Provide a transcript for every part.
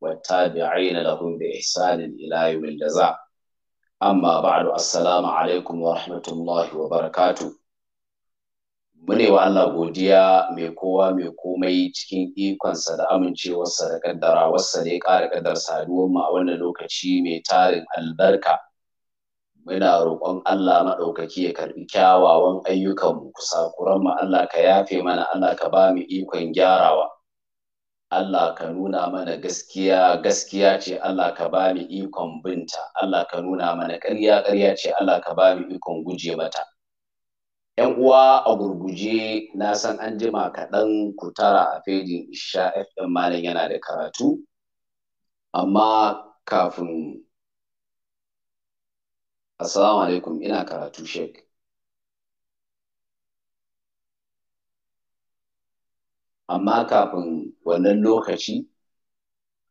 والتابعين لهم بإحسان إلى يوم الجزاء أما بعد السلام عليكم ورحمة الله وبركاته mune wa Allah godiya mai kowa mai komai cikin ikonsa da amincewarsa da kaddarawarsa da ya ƙara kaddar saduwar mu a wannan lokaci mai tarin albarka muna roƙon Allah maɗaukaki ya karɓi kyawawan ayyukanmu kusakuran mu Allah ka yafe mana Allah ka ba mu ikon gyarawa Allah ka nuna mana gaskiya gaskiya ce Allah ka ba mu ikon binta Allah ka nuna mana ƙarya ƙarya ce Allah ka ba mu ikon guje mata ‘Yan uwa a gurguje na san an jima kaɗan ku tara a fejin Isha FM Malam yana da karatu amma kafin Assalamu alaikum ina karatu shek. amma kafin wannan lokaci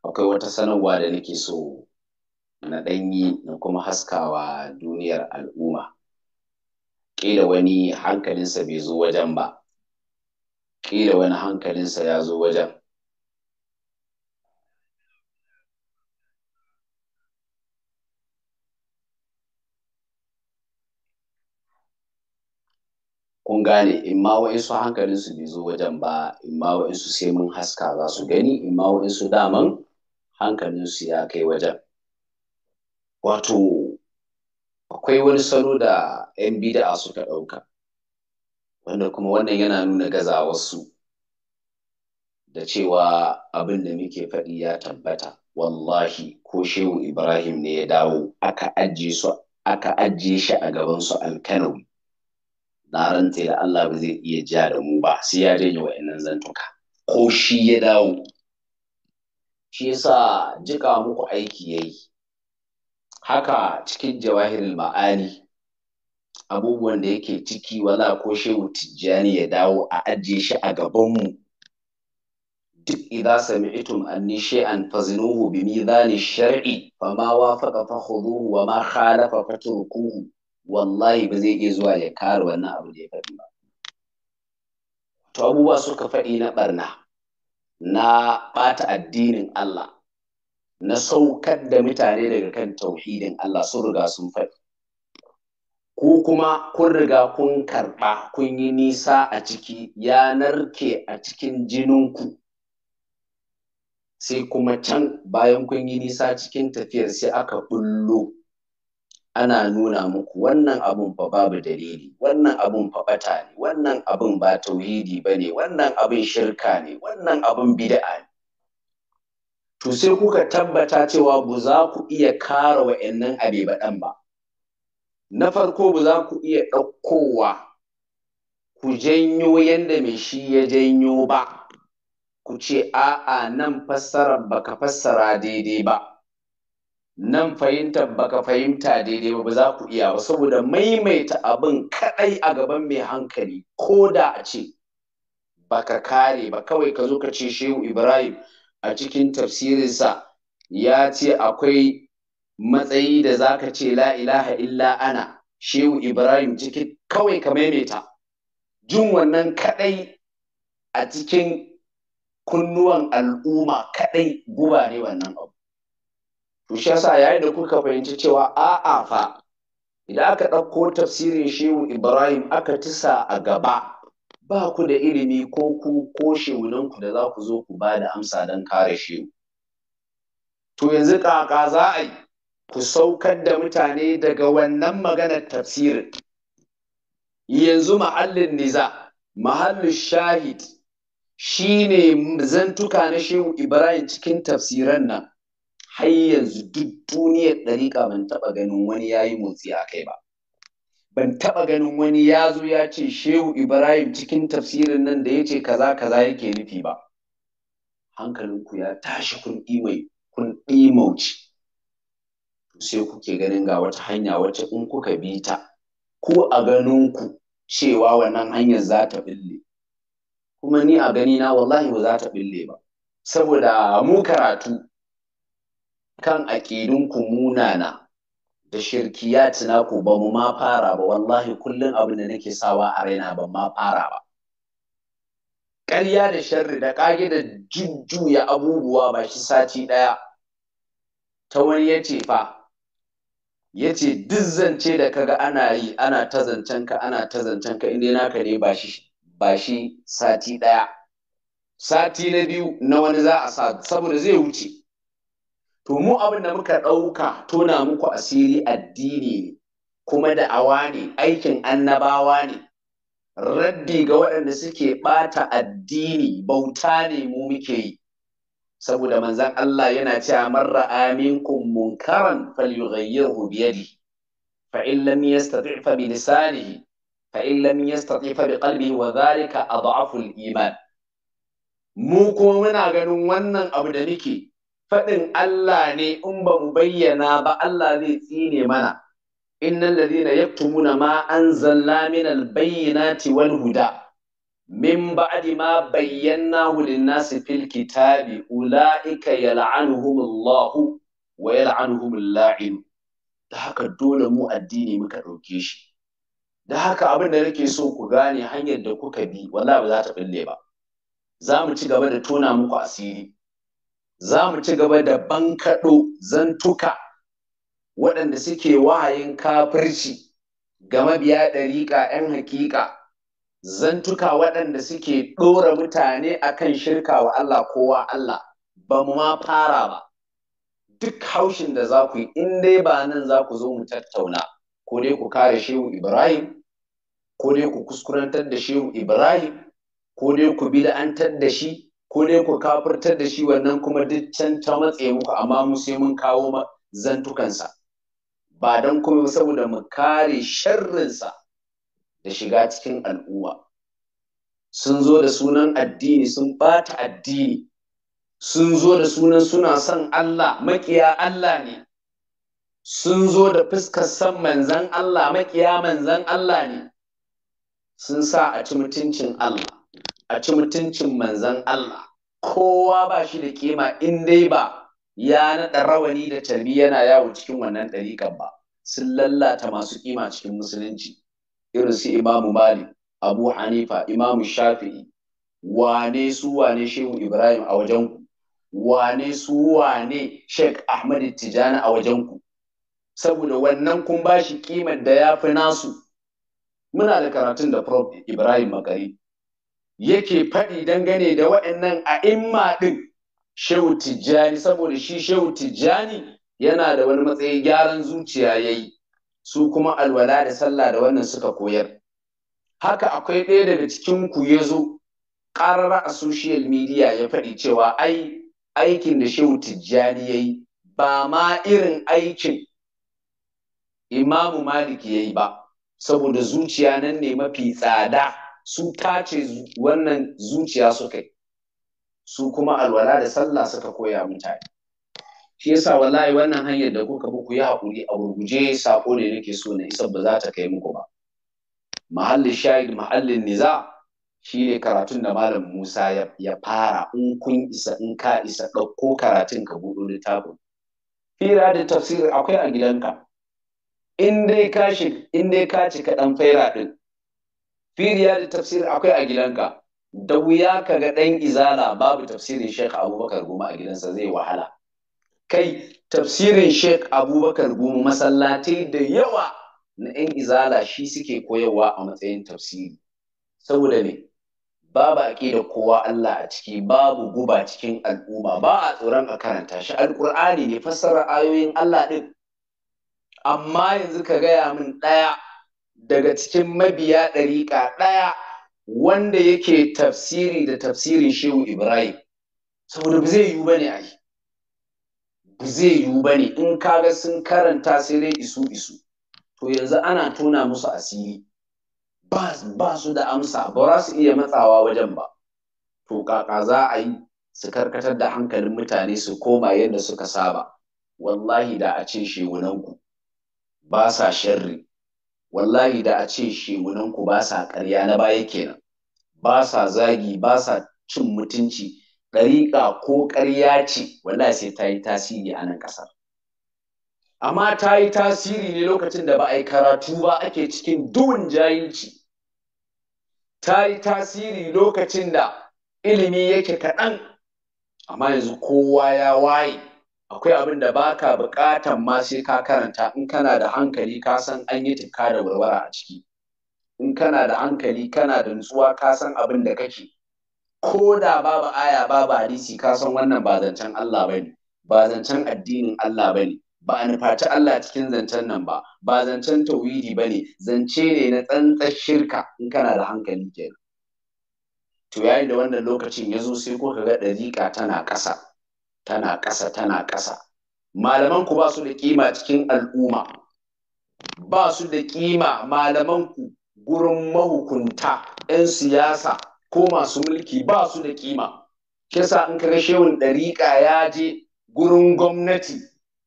akwai wata sanarwa da nake so na ɗanyi na kuma haskawa duniyar al'umma ƙila wani hankalinsa bai zo wajen ba ƙila wani hankalinsa ya zo wajen gane in ma wa'insu hankalinsu bai zo wajen ba in wa'insu sai mun haska za su gani in wa'insu daman hankalinsu ya kai wajen wato akwai wani salo da 'yan bida suka ɗauka wanda kuma wannan yana nuna gaza wasu da cewa abin da muke faɗi ya tabbata wallahi ko shehu ibrahim ne ya dawo aka ajiye shi a gabansu su alkanawi na rantse da Allah ba zai iya ja da mu ba sai ya janye wa'annan zantuka ko shi ya dawo shi yasa jika muku aiki yayi haka cikin jawahirin ma'ani abubuwan da yake ciki wala ko shehu tijjani ya dawo a ajiye shi a gabanmu duk idza sami'tum anni shay'an fazinuhu bi mizani shar'i ma wafaqa fakhudhuhu wa ma khalafa fatrukuhu wallahi ba zai iya zuwa ya kare wannan abu da ya faɗi ba to abubuwa suka faɗi na ɓarna, na ɓata addinin Allah na saukar da mutane daga kan tauhidin Allah sun riga sun faɗi ko kuma kun riga kun karɓa kun yi nisa a ciki ya narke a cikin jininku sai kuma can bayan kun yi nisa cikin tafiyar sai aka ɓullo. ana nuna muku wannan abun fa babu dalili wannan abun fa bata ne wannan abun ba tauhidi ba ne wannan abun shirka ne wannan abun bid'a ne to sai kuka tabbata cewa ba za ku iya kara wa'annan abe baɗan ba na farko ba za ku iya ɗaukowa ku janyo yadda mai shi ya janyo ba ku ce a'a nan fassarar baka fassara daidai ba nan fahimtar baka fahimta daidai ba za ku iya ba saboda maimaita abin kadai a gaban mai hankali ko da a ce baka kare ba kawai ka zo ka ce shehu ibrahim a cikin tafsirinsa ya ce akwai matsayi da za ka ce la'ilaha illa ana shehu ibrahim cikin kawai ka maimaita jin wannan kadai a cikin kunnuwan al'umma kadai guba ne wannan abu to shi yasa yayin da kuka fahimci cewa a'a fa idan aka ɗauko tafsirin shehu ibrahim aka tisa a gaba ba ku da ilimi ko ku ko shehunanku da za ku zo ku ba da amsa don kare shehu to yanzu kaka za a yi ku saukar da mutane daga wannan maganar tafsirin yanzu ma'allin niza mahallin shahid shine zantuka na shehu ibrahim cikin tafsiran nan har yanzu duk duniyar ɗariƙa ban taɓa ganin wani ya yi motsi a kai ba ban taɓa ganin wani ya zo ya ce shehu ibrahim cikin tafsirin nan da ya ce kaza kaza yake nufi ba hankalinku ya tashi kun imai kun ɗimauci sai kuke ganin ga wata hanya wacce in kuka bi ta ko a ganinku cewa wannan hanyar za ta bille kuma ni a ganina wallahi ba za ta bille ba saboda mu karatu kan aƙidunku munana da shirkiyat naku ba mu ma fara ba wallahi kullum abin da nake sawa a raina ba ma fara ba ƙarya da sharri da ƙage da jujjuya abubuwa ba shi sati ɗaya ta wani ya ce fa ya ce duk zance da kaga ana yi ana ta zancen ka ana ta zancen ka inda naka ne ba shi sati ɗaya sati na biyu na wani za a sa saboda zai wuce to mu abin da muka ɗauka tona muku asiri addini ne kuma da'awa ne aikin annabawa ne raddi ga waɗanda suke ɓata addini bauta ne mu muke yi saboda manzan Allah yana cewa marra aminkum munkaran falyughayyirhu biyadi fa in lam yastati' fa bi lisanihi fa in lam yastati' fa bi qalbihi wa zalika a al-iman mu kuma muna ganin wannan abu da muke faɗin Allah ne in ba mu bayyana ba Allah zai tsine mana innal ladina yaktumuna ma anzalna minal bayyinati wal huda min ba'di ma bayyanahu lin-nasi fil kitabi ulaika yal'anuhumullahu wa yal'anuhumul la'in da haka dole mu addini muka ɗauke shi da haka abin da nake so ku gane hanyar da kuka bi wallahi ba za ta bille ba za mu ci gaba da tona muku asiri za mu ci gaba da bankaɗo zantuka waɗanda suke wahayin kafirci ga mabiya ɗariƙa 'yan haƙiƙa zantuka waɗanda suke ɗora mutane akan shirka wa Allah kowa Allah ba mu ma fara ba duk haushin da za ku yi in dai ba nan za ku zo mu tattauna ko dai ku kare shehu Ibrahim ko dai ku kuskurantar da shehu Ibrahim ko dai ku da'antar da shi ko dai ku kafirtar da shi wannan kuma duk can ta matse muku amma mu sai mun kawo zantukansa ba don kuma saboda mu kare sharrinsa da shiga cikin al'umma sun zo da sunan addini sun bata addini sun zo da sunan suna son Allah makiya Allah ne sun zo da fuskar san manzan Allah makiya manzan Allah ne sun sa a ci mutuncin Allah a ci mutuncin manzan Allah kowa ba shi da kima in dai ba ya naɗa rawani da tabi yana yawo cikin wannan ɗariƙan ba sun lallata masu kima cikin musulunci irin su imamu Mali, abu hanifa imamu shafi'i wane su wane shehu ibrahim a wajenku wane su wane sheikh ahmad tijani a wajenku saboda wannan kun ba shi kimar da ya fi nasu muna da karatun da prof ibrahim makari yake faɗi dangane da waɗannan a'imma ɗin shehu tijjani saboda shi shehu tijjani yana da wani matsayi gyaran zuciya ya yi su kuma alwala da sallah da wannan suka koyar haka akwai ɗaya daga cikin ku ya zo ƙarara a social media ya faɗi cewa ai aikin da shehu tijjani ya yi ba ma irin aikin imamu malik ya yi ba saboda zuciya nan ne mafi tsada su tace wannan zuciya suka yi su kuma alwala da sallah suka koya mutane shi yasa wallahi wannan hanyar da kuka bi ku yi haƙuri a gurguje saƙo ne nake so na isa ba za ta kai muku ba mahallin shahid mahallin niza shi ne karatun da malam Musa ya fara in kun isa in ka isa ɗauko karatun ka buɗo littafin fira da tafsir akwai a gidanka in dai ka in dai ka ka ɗan fera ɗin firiya da tafsir akwai a gidanka da wuya ka ga ɗan izala babu tafsirin sheikh abubakar goma a gidansa zai wahala kai tafsirin sheikh abubakar goma masallatai da yawa na ɗan izala shi suke koyarwa a matsayin tafsiri saboda ne babu da kowa Allah a ciki babu guba cikin al'umma ba a tsoron a karanta shi alƙur'ani ne fassara ayoyin Allah ɗin amma yanzu ka gaya min ɗaya daga cikin mabiya ɗariƙa ɗaya wanda yake tafsiri da tafsirin shehu ibrahim saboda ba zai yiwu ba ne yi. ba zai yiwu ba ne in kaga sun karanta sai dai isu isu to yanzu ana tona musu asiri ba su da amsa ba za su iya matsawa wajen ba to kaka za a yi su karkatar da hankalin mutane su koma yadda suka saba wallahi da a ce shewunanku ba sa sharri wallahi da a ce shegunanku ba sa ƙarya na baya kenan ba sa zagi ba sa cin mutunci ɗariƙa ko ƙarya ce wallahi sai ta yi tasiri a nan ƙasar amma ta yi tasiri ne lokacin da ba a yi karatu ba ake cikin duhun jahilci ta yi tasiri lokacin da ilimi yake kaɗan amma yanzu kowa ya waye akwai abin da baka bukatan ma sai ka karanta in kana da hankali ka san an yi tikka da warwara a ciki in kana da hankali kana da nutsuwa ka san abin da kake ko da babu aya babu hadisi ka san wannan ba zancen Allah ba ne, ba zancen addinin Allah ba ne, ba a nufaci Allah cikin zancen nan ba ba zancen tauhidi ne, zance ne na tsantsar shirka in kana da hankali kenan to yayin da wannan lokacin ya zo sai ko ka ga dariƙa tana ƙasa tana ƙasa tana ƙasa malaman ku ba su da kima cikin al'umma ba su da kima malaman ku gurin mahukunta 'yan siyasa ko masu mulki ba su da kima kisa in kaga shehun ɗariƙa ya je gurin gwamnati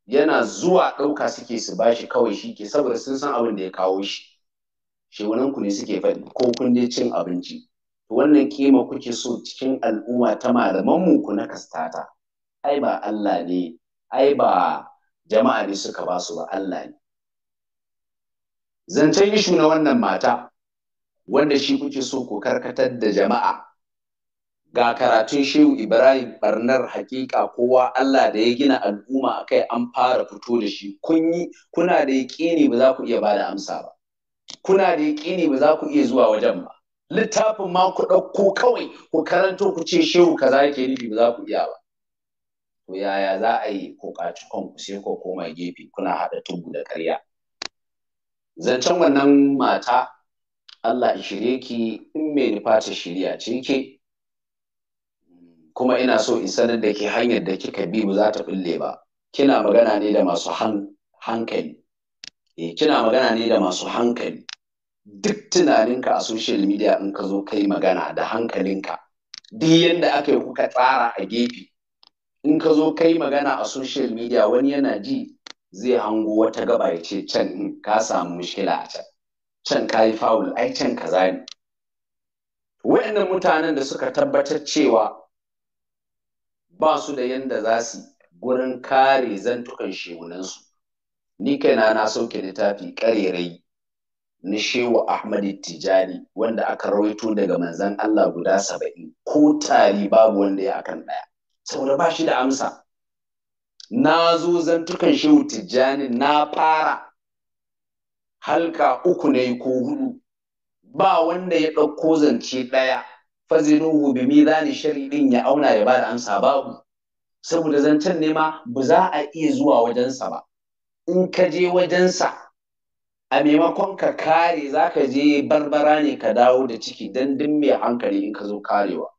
yana zuwa ɗauka suke su bashi kawai shi ke saboda sun san abin da ya kawo shi shegunan ku ne suke faɗi ko kun je cin abinci wannan kima kuke so cikin al'umma ta malaman mu ku na kastata ai ba Allah ne ai ba jama'a ne suka ba su ba Allah ne zancen ishu na wannan mata wanda shi kuke so ku karkatar da jama'a ga karatun shehu ibrahim barnar hakika kowa allah da ya gina al'umma a kai an fara fito da shi kun yi kuna da yaƙini ba za ku iya bada amsa ba kuna da yaƙini ba za ku iya zuwa wajen ba littafin ma ku ɗauko kawai ku karanto ku ce shehu kaza yake nufi ba za ku iya ba to yaya za a yi kokacukan ku sai ko koma gefe kuna haɗa tubu da ƙarya zancen wannan mata Allah shirye ki in mai nufa ta shirya ce kuma ina so in sanar da ke hanyar da kika bi ba za ta bulle ba kina magana ne da masu hankali eh kina magana ne da masu hankali duk tunaninka a social media in ka zo kai magana da hankalinka duk yadda aka yi kuka tsara a gefe in ka zo kai magana a social media wani yana ji zai hango wata gaba ya ce can ka samu mushkila a can can ka yi fawul ai can ka ne wayannan mutanen da suka tabbatar cewa ba su da yanda za su gurin kare zantukan shehunansu ni kaina na sauke littafi karerai na shehu ahmad tijani wanda aka rawaito daga manzan allah guda saba'in ko tari babu wanda ya akan ɗaya saboda ba shi da amsa na zo zantukan shi tijjani na fara halka uku yi ko hudu ba wanda ya ɗauko zance ɗaya gobe mi ni shari ɗin ya auna ya bada amsa babu saboda zancen ne ma ba za a iya zuwa wajensa ba in ka je wajensa a maimakon ka kare za ka je barbara ne ka dawo da ciki don din mai hankali in ka zo karewa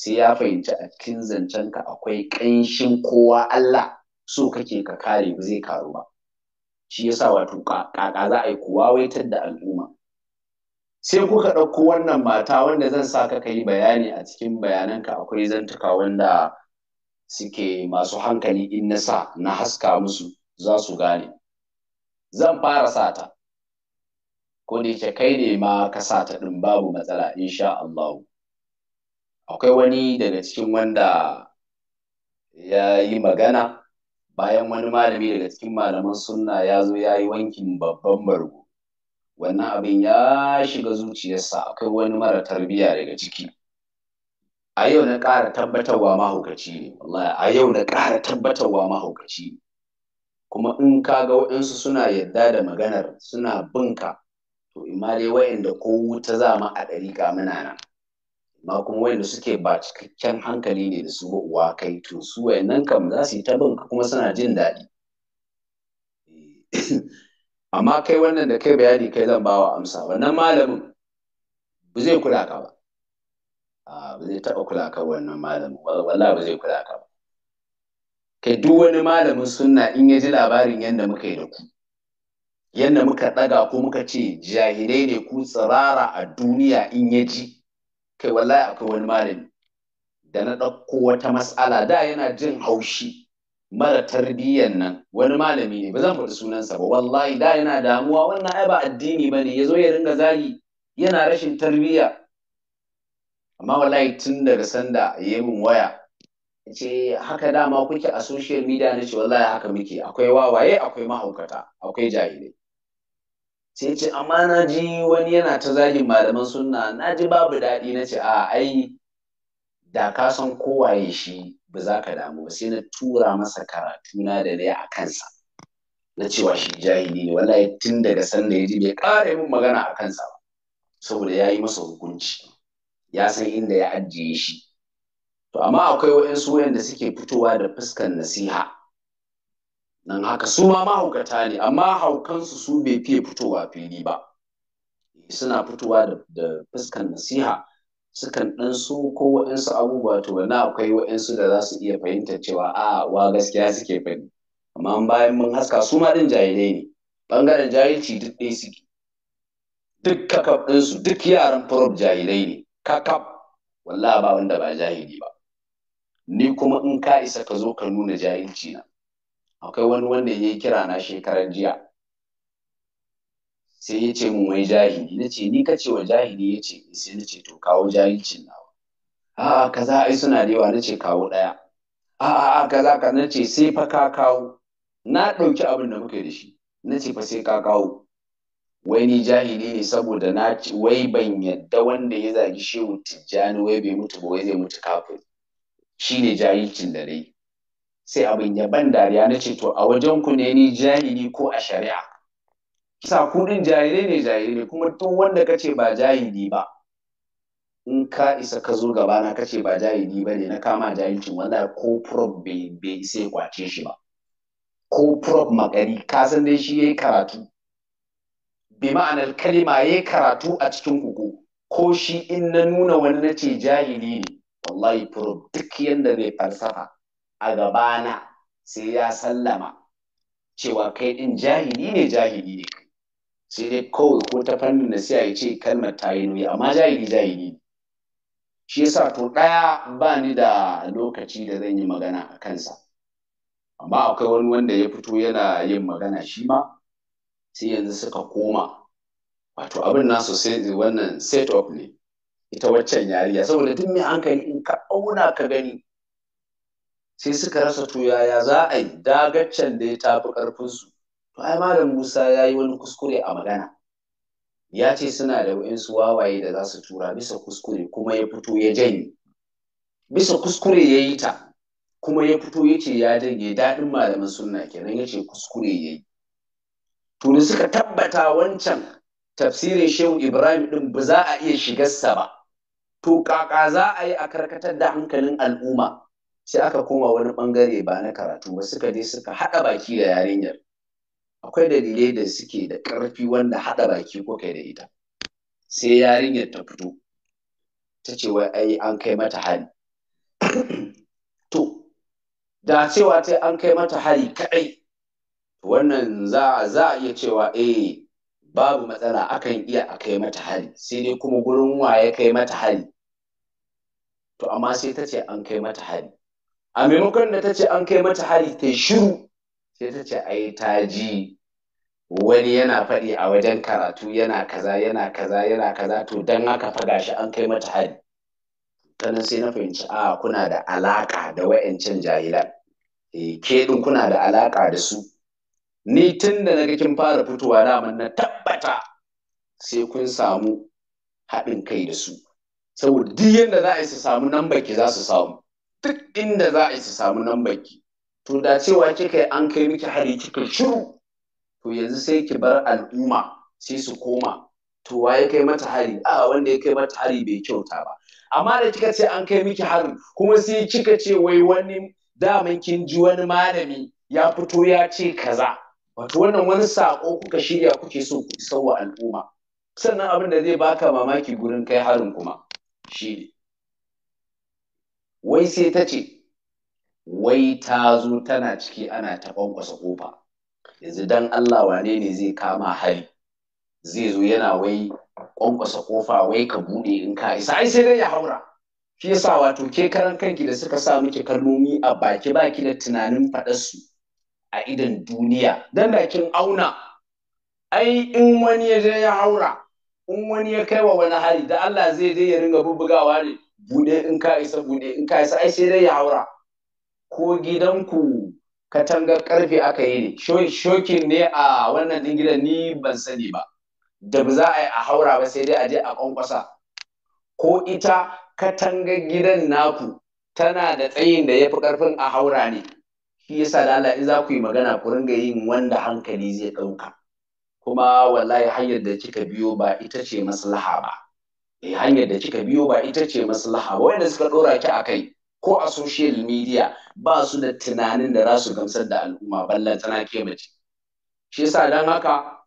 sai ya fahimci a cikin zancenka akwai ƙanshin kowa Allah so kake ka kare ba zai karu ba shi yasa wato kaka za a yi kuwa waitar da al'umma sai kuka ɗauko wannan mata wanda zan sa ka yi bayani a cikin bayananka akwai zantuka wanda suke masu hankali in na sa na haska musu za su gane zan fara sata ko da yake kai ne ma ka ta ɗin babu matsala in sha allahu akwai wani daga cikin wanda ya yi magana bayan wani malami daga cikin malaman sunna ya zo ya yi wankin babban bargo wannan abin ya shiga zuciyarsa akwai wani mara tarbiyya daga ciki a yau na ƙara tabbatarwa mahaukaci ne a yau na ƙara tabbatarwa mahaukaci ne kuma in ka ga waɗansu suna yarda da maganar suna binka to imma dai ko wuta za mu a ɗariƙa muna nan ma kuma wanda suke ba cikakken hankali ne da su uwa kai to su wayannan kam za su yi ta bin kuma suna jin daɗi eh, amma kai wannan da kai bayani kai zan bawa amsa wannan malamin ba zai kula ka ba ba zai taɓa kula ka wannan malamin wala ba zai kula ka ba kai duk wani malamin sunna in ya ji labarin yadda muka yi da ku yadda muka ɗaga ko muka ce jahilai ne ku tsirara a duniya in ya ji kai wallahi akwai wani malami da na ɗauko wata matsala da yana jin haushi mara tarbiyyan nan wani malami ne ba zan faɗi sunansa ba wallahi da yana damuwa wannan ai ba addini ba ne ya zo ya ringa zagi yana rashin tarbiyya amma wallahi tun daga sanda ya yi min waya ya ce haka dama kuke a social media na ce wallahi haka muke akwai wawaye akwai mahaukata akwai jahilai sai ce amma na ji wani yana ta zagin malaman sunna na ji babu daɗi na ce a ai da ka san kowaye shi ba za ka damu ba sai na tura masa karatu na da ne a kansa na cewa shi jahili ne wallahi tun daga sanda ya ji bai ƙara min magana a kansa ba saboda ya yi masa hukunci ya san inda ya ajiye shi to amma akwai waɗansu waɗanda suke fitowa da fuskan nasiha nan haka su ma mahaukata ne amma haukansu su bai fiye fitowa fili ba suna fitowa da fuskan nasiha sukan ɗan su ko waɗansu abubuwa to wani akwai waɗansu da za su iya fahimtar cewa a wa gaskiya suke fani amma bayan mun haska su ma ɗin jahilai ne ɓangaren jahilci duk ɗaya suke duk kakaf ɗinsu duk yaran furob jahilai ne kakaf wallah ba wanda ba jahili ba ni kuma in ka isa ka zo ka nuna jahilci na akwai wani wanda ya yi kira na shekaran jiya sai ya ce mun wai jahili na ce ni kace wa jahili ya ce sai na ce to kawo jahilcin nawa a kaza ai suna da yawa na ce kawo ɗaya a a kaza ka na ce sai fa ka kawo na ɗauki abin da muke da shi na ce fa sai ka kawo wai ni jahili ne saboda na ce wai ban yadda wanda ya zagi shehu tijjani wai bai mutu ba wai zai mutu kafin shi ne jahilcin da dai. sai abin ya dariya na ce to a wajen ku ne ni jahili ko a shari'a kisa ku din jahilai ne jahilai kuma duk wanda kace ba jahili ba in ka isa ka zo gaba na kace ba jahili ba ne na kama jahilcin wanda ko prob bai sai kwace shi ba ko prob makari ka san dai shi yayi karatu bi ma'anar kalima yayi karatu a cikin kuku ko shi in na nuna wani na ce jahili ne wallahi prob duk yanda zai falsafa a gabana sai ya sallama cewa kai ɗin jahili ne jahili ne sai dai kawai ko ta fannin sai ya ce kalmar ta yi nuyi amma jahili jahili ne shi yasa to ɗaya ba ni da lokaci da zan yi magana a kansa amma akwai wani wanda ya fito yana yin magana shi ma sai yanzu suka koma wato abin nasu sai wannan set up ne ita waccan yariya saboda duk mai hankali in ka auna ka gani sai suka rasa to yaya za a yi dagaccen da ya tafi ƙarfinsu to ai malam musa ya yi wani kuskure a magana ya ce suna da wa'insu wawaye da za su tura bisa kuskure kuma ya fito ya janye bisa kuskure ya yi ta kuma ya fito ya ce ya janye daɗin malamin sunna kenan ya ce kuskure ya yi to suka tabbata wancan tafsirin shehu ibrahim ɗin ba za a iya shigarsa ba to kaka za a yi a karkatar da hankalin al'umma sai aka koma wani bangare ba na karatu ba suka je suka haɗa baki da yarinyar akwai dalilai da suke da ƙarfi wanda haɗa baki ko kai da ita sai yarinyar ta fito ta ce wai ai an kai mata hari to da cewa ta an kai mata hari kaɗai wannan za a iya cewa eh babu matsala akan iya a kai mata hari sai dai kuma gurin ya kai mata hari to amma sai ta ce an kai mata hari a maimakon da ta ce an kai mata hari ta shiru sai ta ce ai ta ji wani yana faɗi a wajen karatu yana kaza yana kaza yana kaza to don haka fa shi an kai mata hari nan sai na fahimci a kuna da alaka da wa'ancan jahilan e ke din kuna da alaka da su ni tun da na kin fara fitowa daman na tabbata sai kun samu haɗin kai da su saboda duk yadda za a yi su samu nan baki za su samu duk inda za a su samu nan baki to da cewa kika yi an kai miki hari kika shiru to yanzu sai ki bar al'umma sai su koma to wa ya kai mata hari a wanda ya kai mata hari bai kyauta ba amma da kika ce an kai miki hari kuma sai kika ce wai wani daman kin ji wani malami ya fito ya ce kaza wato wannan wani sako kuka shirya kuke so ku isar wa al'umma sannan abin da zai baka mamaki gurin kai harin kuma shi ne wai sai ta ce wai ta zo tana ciki ana ta kwankwasa ƙofa. yanzu dan Allah wane ne zai kama hari zai zo yana wai ƙwanƙwasa ƙofa wai ka buɗe in ka isa ai sai dai ya haura shi yasa wato ke karan kanki da suka sa miki kalmomi a baki baki da tunanin faɗar su a idan duniya dan da kin auna ai in wani ya je ya haura in wani ya kai wa wani hari da Allah zai je ya ringa bubbugawa ne bude in ka isa bude in ka isa ai sai dai ya haura ko gidanku katanga karfe aka yi ne shokin ne a wannan din gidan ni ban sani ba da ba za a yi a haura ba sai dai a je a kwankwasa ko ita katangar gidan naku tana da tsayin da ya fi karfin a haura ne shi yasa lala in za ku yi magana ku ringa yin wanda hankali zai ɗauka kuma wallahi hanyar da kika biyo ba ita ce maslaha ba eh hanyar da kika biyo ba ita ce maslaha ba wanda suka dora ki a kai ko a social media ba su da tunanin da za su gamsar da al'umma ballan tana ke mace shi yasa dan haka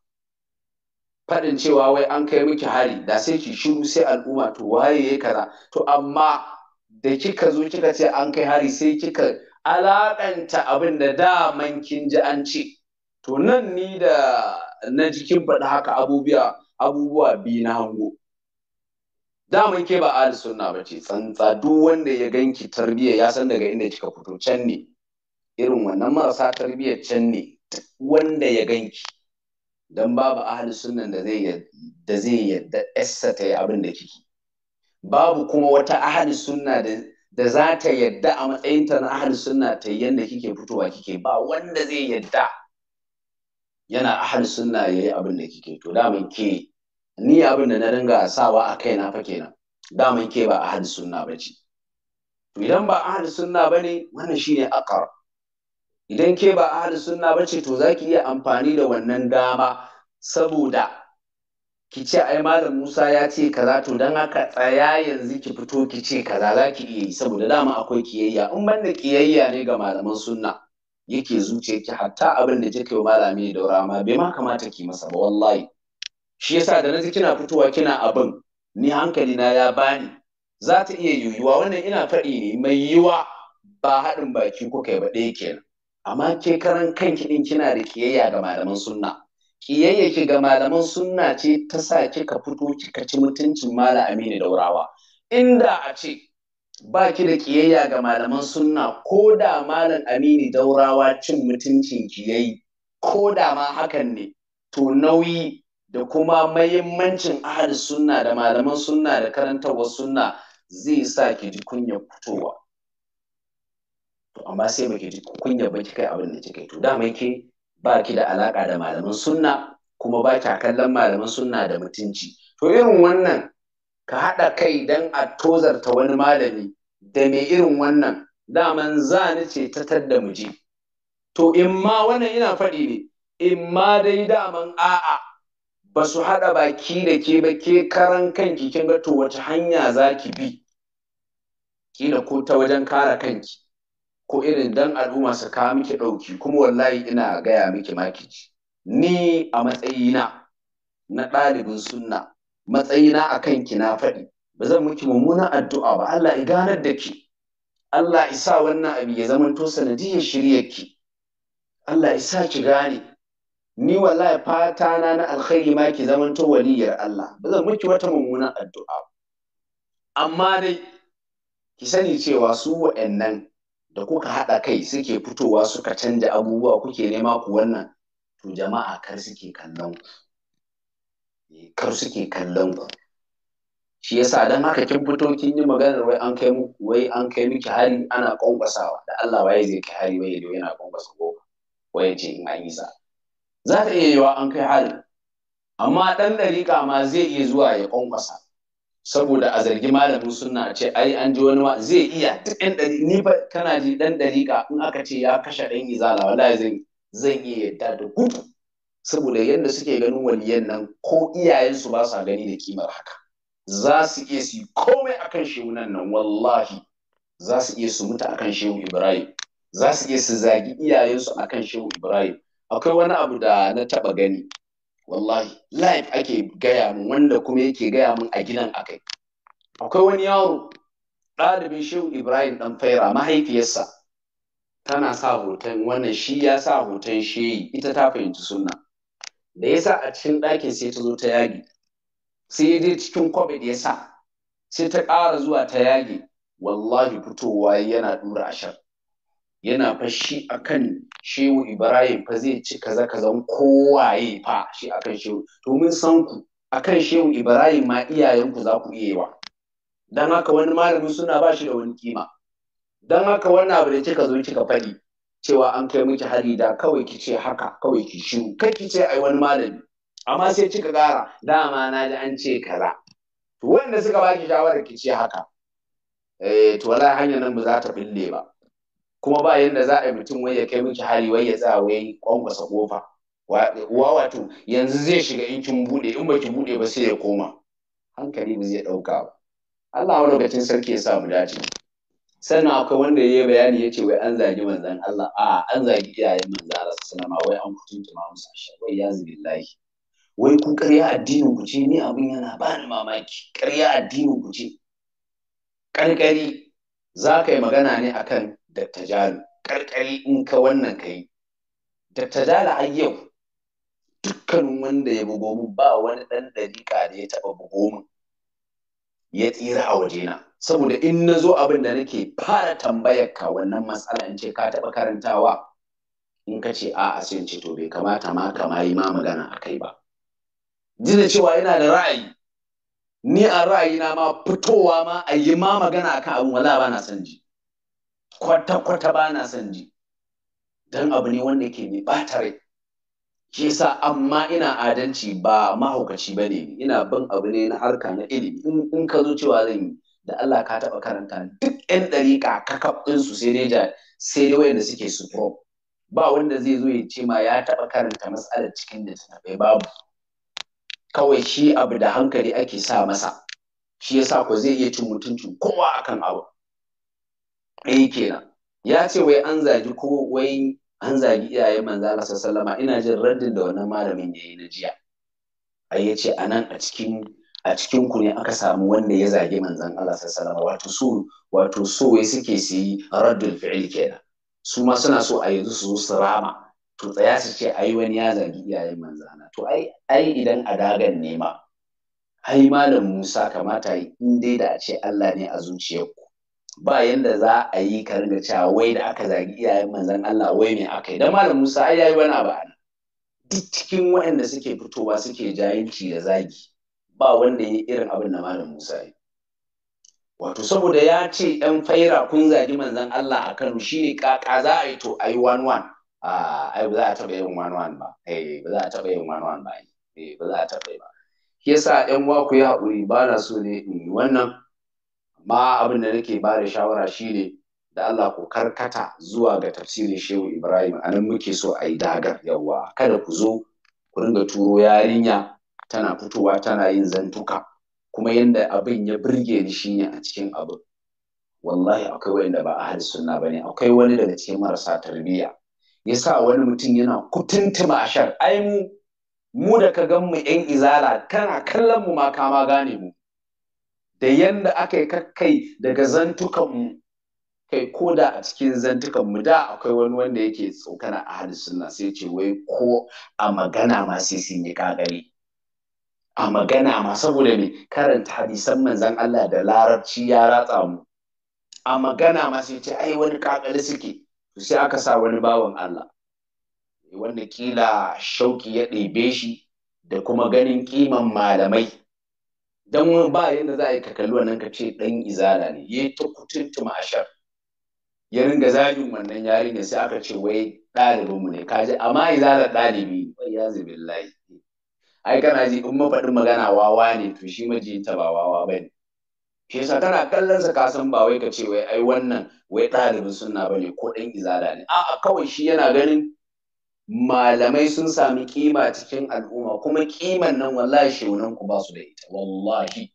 faɗin cewa wai an kai miki hari da sai ki shiru sai al'umma to waye yayi kaza to amma da kika zo kika ce an kai hari sai kika alaƙanta abin da daman kin ji an ce to nan ni da na jikin faɗi haka abubuwa abubuwa biyu na hango daman ke ba ahli sunna ba ce tsantsa duk wanda ya ganki tarbiyya ya san daga inda kika fito can ne irin wannan marasa tarbiyyar can ne wanda ya ganki dan babu ahli sunnan da zai da zai yadda essa ta yi abin da kike babu kuma wata ahli sunna da da za ta yadda a matsayinta na ahli sunna ta yadda kike fitowa kike ba wanda zai yadda yana ahli sunna yayi abin da kike to da ke ni abin da na dinga sawa a kai kaina fa kenan daman ke ba ahli sunna ba ce to idan ba ahli sunna ba ne wannan shine akar idan ke ba ahli sunna ba ce to zaki iya amfani da wannan dama saboda ki ce ai malam Musa ya ce kaza to dan haka tsaya yanzu ki fito ki ce kaza zaki ki iya saboda dama akwai kiyayya in banda kiyayya ne ga malaman sunna yake zuciya ki hatta abin da kike wa malami da rama bai ma kamata ki masa ba wallahi shi yasa da naji kina fitowa kina abin ni hankali na ya bani za ta iya yiwuwa wannan ina faɗi ne mai yiwa ba haɗin baki ko yi ba ɗaya kenan amma ke karan kanki din kina da kiyayya ga malaman sunna kiyayya ki ga malaman sunna ce ta sa kika fito kika ci mutuncin Malam aminu daurawa inda a ce ba ki da kiyayya ga malaman sunna ko da malam aminu daurawa cin mutuncin ki ko da ma hakan ne to nauyi da kuma mahimmancin ahad sunna da malaman sunna da karantarwar sunna zai sa ki ji kunya fitowa to amma sai baki ji kunya ba kika abin da kika to dama ke ba ki da alaka da malaman sunna kuma ba ki kallon malaman sunna da mutunci to irin wannan ka haɗa kai don a tozarta wani malami da me irin wannan daman zani ce ta tatar da je. to in ma wannan ina faɗi ne in ma dai daman a'a ba su haɗa baki da ke ba ke karan kanki kin ga to wace hanya za ki bi kila ko ta wajen kara kanki ko irin dan al'umma su kawo miki ɗauki kuma wallahi ina gaya miki makici ni a matsayina na ɗalibin sunna matsayina a kanki na faɗi ba zan miki mummunan addu'a ba Allah ya ganar da ki Allah ya sa wannan abu ya zamanto sanadiyar shiryar ki Allah ya sa ki gane ni wallahi fata na na alkhairi ma ki zamanto waliyar Allah ba zan miki wata mummunan addu'a amma dai ki sani cewa su wa'annan da kuka haɗa kai suke fitowa suka canja abubuwa kuke nema ku wannan to jama'a kar suke kallon ku eh, kar suke kallon ku shi yasa dan haka kin fito kin yi maganar wai an kai muku wai an kai miki hari ana kwankwasawa da Allah waye zai kai hari waye yana kwankwasa ko waye ce in an yi sa za ta iya yiwa an kai hari amma ɗan ɗariƙa ma zai iya zuwa ya ƙwanƙwasa saboda a zargi malamin suna ce ai an ji wani zai iya duk ɗan ɗari ni fa kana ji ɗan ɗariƙa in aka ce ya kashe ɗan izala wallahi zai zan iya yadda da gudu saboda yadda suke ganin waliyan nan ko iyayensu ba sa gani da kimar haka za su iya su komai akan shehu nan wallahi za su iya su mutu akan shehu ibrahim za su iya su zagi iyayensu akan shehu ibrahim akwai wani abu da na taba gani wallahi life ake gaya min wanda kuma yake gaya min a gidan akai akwai wani yaro ɗalibin shehu ibrahim ɗan faira mahaifiyarsa tana sa hoton wannan shi ya sa hoton shehi ita ta fahimci sunna da ya sa a cikin ɗakin sai ta zo ta yage sai ya je cikin covid ya sa sai ta ƙara zuwa ta yage wallahi fitowa yana ɗura ashar yana fa shi akan shehu ibrahim fa zai ci kaza kazan kowaye fa shi akan shehu to mun san ku akan shehu ibrahim ma iyayenku za ku iya wa dan haka wani malamin suna ba shi da wani kima dan haka wannan abu da kika zo kika faɗi cewa an kai miki hari da kawai ki ce haka kawai ki shiru kai ki ce ai wani malami amma sai kika gara. dama na ji an ce kaza to wanda suka baki shawarar ki ce haka eh to wallahi hanyar nan ba za ta bille ba kuma ba yadda za a yi mutum wai ya kai miki hari wai ya tsaya wai kwankwasa kofa wa wato yanzu zai shiga in kin bude in baki bude ba sai ya koma hankali ba zai dauka ba Allah wani lokacin sarki ya sa mu dace sannan akwai wanda ya yi bayani ya ce wai an zagi manzan Allah a an zagi iyayen manzan Allah sanama wai an kutunta ma musu asha wai ya zubillahi wai ku ƙarya addinin ku ce ni abin yana ba ni mamaki ƙarya addinin ku ce ƙarƙari za ka yi magana ne akan da ƙarƙari in ka wannan ka yi da a yau dukkanin wanda ya bugo min ba wani ɗan dariƙa da ya taɓa bugo min ya tsira a waje na. saboda in na zo abin da nake fara tambayar ka wannan matsala in ce ka taɓa karantawa in ka ce a'a sai in ce to bai kamata ma ka yi ma magana a kai ba ji cewa yana da ra'ayi ni a ra'ayina ma fitowa ma a yi ma magana a kan abin wala ba na son ji kwata-kwata ba na son ji don abu ne wanda ke mai ɓata rai sa amma ina adalci ba mahaukaci ba ne ina bin abu ne na harka na ilimi in ka zo cewa zan yi da Allah ka taɓa karanta duk 'yan ɗariƙa kakaf ɗinsu sai dai sai dai wayanda suke sutro ba wanda zai zo ya ce ma ya taɓa karanta matsalar cikin da ta bai babu kawai shi abu da hankali ake sa masa shi yasa ko zai iya cin mutuncin kowa akan abu eh kenan ya ce wai an zagi ko wai an zagi iyayen manzo Allah ina jin raddin da wannan malamin ya yi na jiya ai yace anan a cikin a cikin ku ne aka samu wanda ya zagi manzon Allah wasallam wato su wato so wai suke su yi raddul fi'il kenan su ma suna so a yanzu su su rama to tsaya su ce ai wani ya zagi iyayen manzo Allah to ai ai idan a dagan nema. ai malam Musa kamata in dai da a ce Allah ne a zuciyarku ba yanda za a yi ka cewa wai da aka zagi iyayen manzon Allah wai me aka yi dan malam Musa ai yayi wani abu ana duk cikin waɗanda suke fitowa suke jahilci da zagi ba wanda ya irin abin da malam Musa yi wato saboda ya ce ɗan faira kun zagi manzon Allah a Kano shine ƙaƙa za a yi to ai one one ai ba za a taɓa yin one one ba eh ba za a taɓa yin one one ba eh ba za a taɓa yi ba yasa sa wa ku yi haƙuri ba na so ne in yi wannan Ma abin da nake ba da shawara shine da Allah ku karkata zuwa ga tafsirin Shehu Ibrahim a nan muke so a yi dagar yawa kada ku zo ku ringa turo yarinya tana fitowa tana yin zantuka kuma yanda abin ya burge ni shine a cikin abin wallahi akwai wanda ba a hadisi sunna bane akwai wani daga cikin marasa tarbiyya yasa wani mutum yana kutuntuma a ai mu mu da ka gan mu yan izala kana kallon mu ma kama gane mu da yadda aka yi kakkai daga zantukanmu kai ko da a cikin zantukanmu da akwai wani wanda yake tsokana a hadis sunna sai ce wai ko a magana ma sai sun yi kagari a magana ma saboda mai karanta hadisan manzan Allah da larabci ya ratsa mu a magana ma sai ce ai wani ƙaƙari suke sai aka sa wani bawan Allah wanda kila shauki ya ɗebe shi da kuma ganin kiman malamai don ba yadda za a yi ka kalli wannan ka ce ɗan izala ne ya yi ta kutuntuma ashar ya ringa zagin wannan yarinya sai aka ce wai mu ne ji amma izala ɗalibi ya zubi layi ai kana ji in mafaɗin magana wawa ne to shi majiyinta ba wawa ba ne shi yasa kana kallon sa ka san ba wai ka ce wai ai wannan wai ɗalibin sunna ba ne ko ɗan izala ne a'a kawai shi yana ganin malamai sun sami kima cikin al'umma kuma kiman nan wallahi shaunan ku ba su da ita wallahi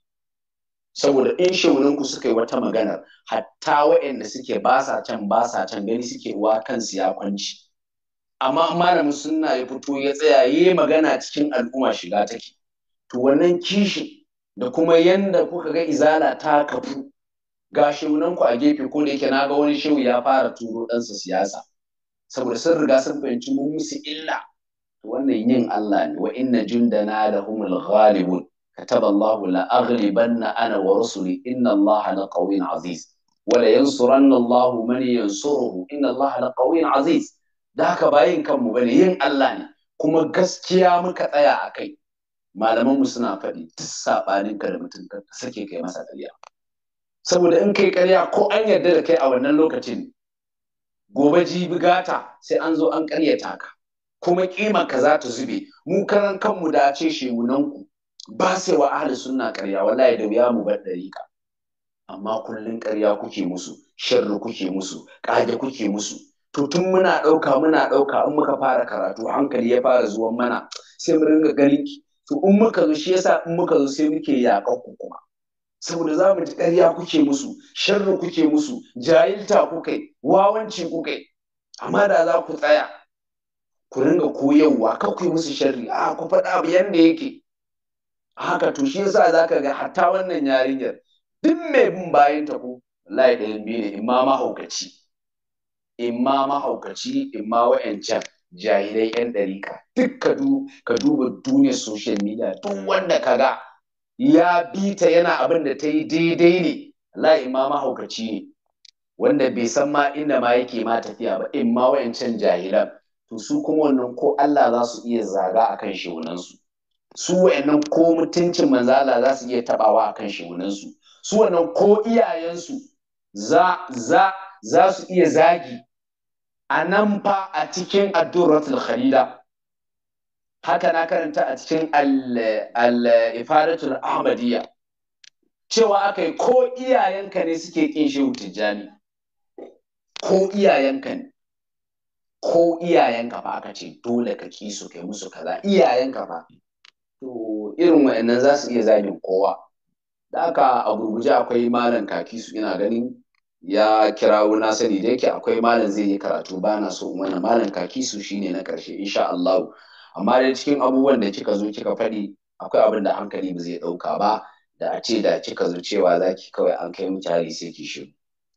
saboda in shaunan ku suka yi wata magana hatta waɗanda suke ba sa can ba sa can gani suke wa kansu ya kwanci amma malamin sunna ya fito ya tsaya yi magana cikin al'umma shiga take to wannan kishi da kuma yanda kuka ga izala ta kafu ga shaunan ku a gefe ko da yake na ga wani shehu ya fara turo ɗansa siyasa saboda sun riga sun fahimci mun musu illa wannan yin Allah ne wa inna jundana lahumul ghalibun kataballahu Allahu la aghlibanna ana wa rusuli inna Allah la qawiyyun aziz wa la yansuranna Allah man yansuruhu inna Allah la qawiyyun aziz da haka ba yin kanmu bane yin Allah ne kuma gaskiya muka tsaya a kai malaman mu suna faɗi duk sabanin ka da mutum ka sake kai masa ƙarya saboda in kai ƙarya ko an yarda da kai a wannan lokacin gobe jibi gata sai an zo an karyata ka kuma kima ka za ta zube mu karan kanmu da ce shegunan ku ba sai wa ahli sunna karya wallahi da wuya mu bar dariƙa amma kullum karya kuke musu sharri kuke musu ƙage kuke musu to tun muna ɗauka muna ɗauka in muka fara karatu hankali ya fara zuwan mana sai mu ringa ganin to in muka zo shi yasa in muka zo sai muke yaƙa ku kuma saboda za mu ji ƙarya kuke musu sharri kuke musu jahilta kuka yi wawanci kuka amma da za ku tsaya ku ringa koyarwa kar ku yi musu sharri a ku faɗa abu yadda yake haka to shi yasa ka ga hatta wannan yarinyar duk mai bin bayan ta ko wallahi ɗayan biyu ne imma mahaukaci imma mahaukaci imma wa'ancan jahilai yan ɗarika duk ka duba duniyar social media duk wanda ka ga ya bi ta yana abin da ta yi daidai ne la imama haukaci ne wanda bai san ma inda ma yake ma tafiya ba in ma wayancan jahilan to su kuma wannan ko Allah za su iya zaga akan shehunansu su wayannan ko mutuncin manzo Allah za su iya tabawa akan shehunansu su wannan ko iyayensu za su iya zagi a nan fa a cikin addu'ratul khalila haka na karanta a cikin al ahmadiyya cewa aka yi ko iyayenka ne suke kin shehu tijjani ko iyayenka ne ko iyayenka fa aka ce dole ka ki su kai musu kaza iyayenka fa to irin wa'annan za su iya zagin kowa da aka a gurguje akwai malam kaki su ina ganin ya kira na sani da yake akwai malam zai yi karatu ba na so wannan malam kaki su shine na karshe insha Allah amma dai cikin abubuwan da kika zo kika faɗi akwai abin da hankali ba zai ɗauka ba da a ce da kika zo cewa za ki kawai an kai miki hari sai ki shiru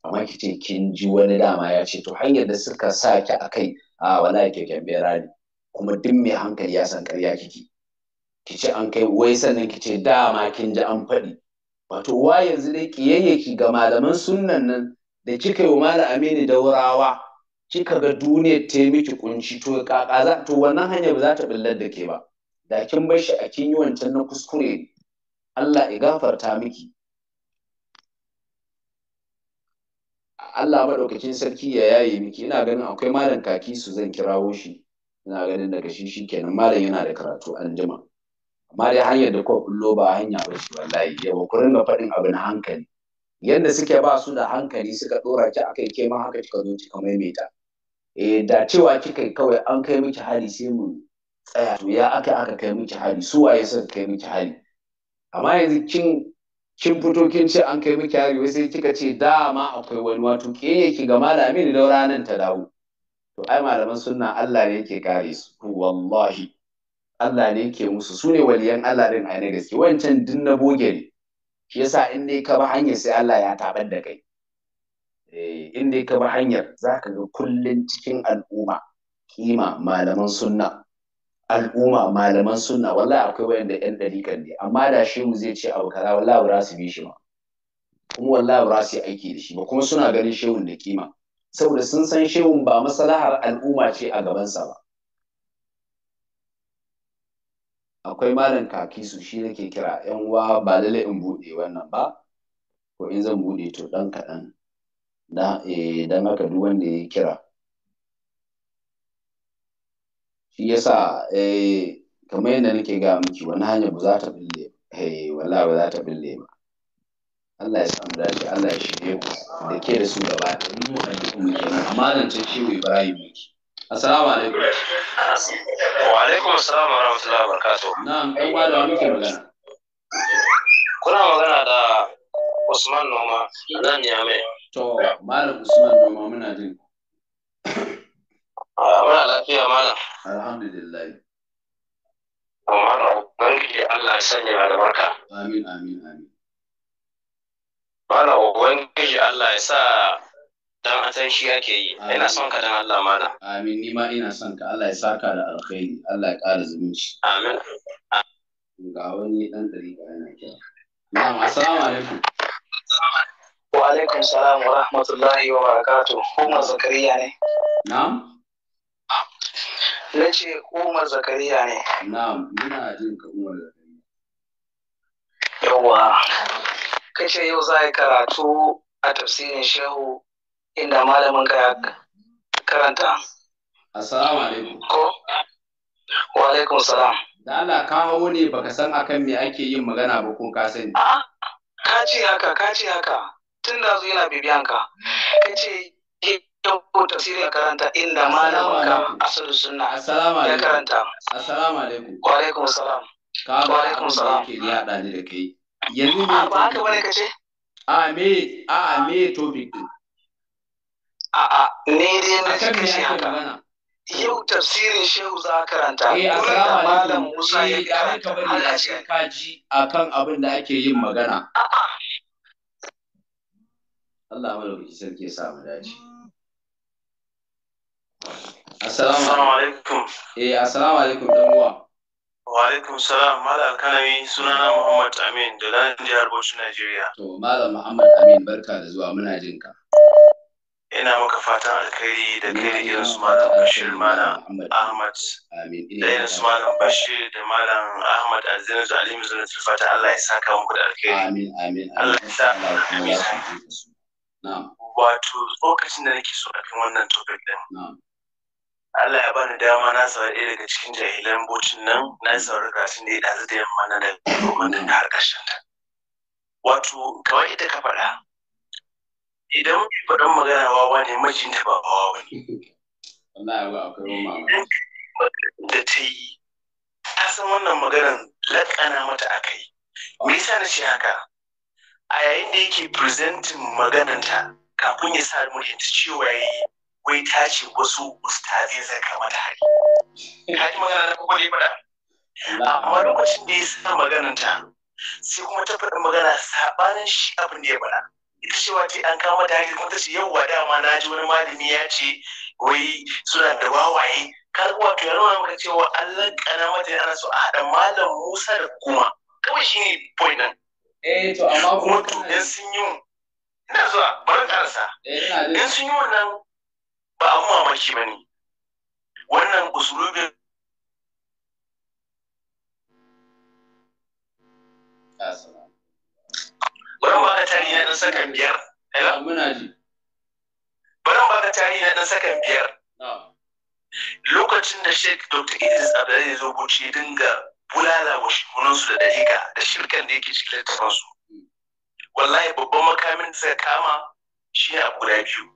amma ki ce kin ji wani dama ya ce to hanyar da suka sa ki a kai a wala keken bera ne kuma duk mai hankali ya san ƙarya kiki ki ce an kai wai sannan ki ce dama kin ji an faɗi wato wa yanzu dai kiyayyaki ga malaman sunnan nan da kika yi wa malam aminu wurawa? kika ga duniya ta yi miki kunci to kaka za to wannan hanya ba za ta billar da ke ba da kin bar shi a kin yi wancan na kuskure Allah ya gafarta miki Allah maɗaukakin sarki ya yaye miki ina ganin akwai malam kaki su zan kirawo shi ina ganin daga shi kenan malam yana da karatu an jima amma dai hanyar da kuka kullo ba hanya ba shi wallahi yawa ku ringa faɗin abin hankali yadda suke ba su da hankali suka ɗora ki akai ke ma haka kika zo kika maimaita eh da cewa kika kawai an kai miki hari sai mu tsaya to ya aka aka kai miki hari su waye suka kai miki hari amma yanzu kin kin fito kin ce an kai miki hari sai kika ce dama akwai wani wato ke yake ga malami da ranan ta dawo to ai malaman sunna Allah ne yake kare su wallahi Allah ne yake musu su ne waliyan Allah din a gaske wancan din na boge ne shi yasa in dai ka ba hanya sai Allah ya tabar da kai Eh, inda ka bi hanyar za ka ga kullum cikin al'umma kima malaman sunna al'umma malaman sunna walla akwai da yan dalikan ne amma da shi mu zai ce abu kaza walla ba su bi shi ba kuma walla ba su aiki da shi ba kuma suna ganin shehun da kima saboda sun san shehun ba maslahar al'umma ce a gabansa ba akwai malam kaki su shi nake kira yan uwa ba lalle in bude wannan ba ko in zan bude to dan kaɗan na eh dan haka duk wanda ya kira shi yasa eh kamar yadda nake ga miki wani hanya ba za ta bille eh wallahi ba za ta bille ba Allah ya sa mu dace Allah ya shige ku da ke da su gaba da mu a cikin mu kenan amanan ce shi Ibrahim miki assalamu alaikum wa alaikum assalam wa rahmatullahi wa barakatuh na'am dan wala muke magana kuna magana da Usman Noma a nan Niamey. To, Malam Usman Noma muna jin. Ah, muna lafiya Malam. Alhamdulillah. Malam, Ubangiji Allah ya sanya albarka. Amin, amin, amin. Malam, Ubangiji Allah ya sa dan atan shi ake yi. Ina son ka dan Allah mana. Amin, ni ma ina son ka. Allah ya saka da alkhairi. Allah ya ƙara zumunci. Amin. Ga wani ɗan ɗari yana kira. Na'am, assalamu alaikum. Wa alaikum salam wa rahmatullahi wa barakatu. Umar Zakariya ne? Na'am. Na ce Umar Zakariya ne. Na'am, muna jin ka Umar Zakariya. Yawwa. Kace yau za a yi karatu a tafsirin shehu inda malamin ka ya karanta. Assalamu alaikum. Ko? Wa alaikum salam. Da Allah ka hawo ne baka san akan me ake yin magana ba ko ka sani. A'a. ka ce haka ka ce haka tun da zo yana bibiyan ka ka ce yau tafsirin karanta inda malamin ka asalu sunna ya karanta assalamu alaikum wa alaikum salam ka ba alaikum salam ke ya hada ni da kai yanzu ne ba haka bane ka ce a me a me topic a a ne dai na cikin shi haka yau tafsirin shehu za a karanta eh a karama malam Musa ya eh, karanta bari da cikin kaji akan abin da ake yin magana Allah madauki sarki ya samu dace Assalamu alaikum. Eh assalamu alaikum dan uwa. Wa alaikum salam Malam kanami sunana Muhammad Amin da nan jihar Bauchi Najeriya. To Malam Muhammad Amin barka da zuwa muna jinka. ina maka fatan alkhairi da kai da irin su malam bashir malam ahmad da irin su malam bashir da malam ahmad azinu da alimu zuwa fata allah ya saka muku da alkhairi allah ya sa wato lokacin da nake so a kan wannan topic din Allah ya bani dama na saurari ɗaya daga cikin jahilan bocin nan na saurari kasin da ya ɗazu da yamma na da domin da har ƙarshen ta. Wato, kawai ita ka faɗa, idan mai faɗan magana wawa ne mijinta ba wawa ba ne. Idan Da ta yi, ta san wannan maganar laƙana mata a kai. Me yasa na ce haka? A yayin da yake presenting magananta kafin ya sa muryanta cewa ya yi wai ta ce wasu ustazai zai kama ta hari. Ka ji magana na kuma da ya faɗa? Amma lokacin da ya sa magananta sai kuma ta faɗi magana saɓanin shi abin da ya faɗa. ita cewa ce an kama da hari kuma ta ce yauwa dama na ji wani malami ya ce wai suna da wawaye ka wato ya nuna maka cewa Allah kana mata ana so a haɗa malam Musa da kuma kawai shi ne point nan. Eh to amma kuma to dan sun yi ina zuwa bari karasa. Eh, dan sun yi wannan ba abu mamaki ba ne. Wannan usulubin Assalamu tarihi na ɗan sakan biyar. Ah, muna ji. ba da tarihi na ɗan sakan biyar. Lokacin da Sheikh Dr. Idris Abdullahi zo buci dinga bulala wa shunansu da dariƙa da shirkan da yake cikin littafansu. Hmm. Wallahi babban makamin da suka kama shi ne abu guda biyu.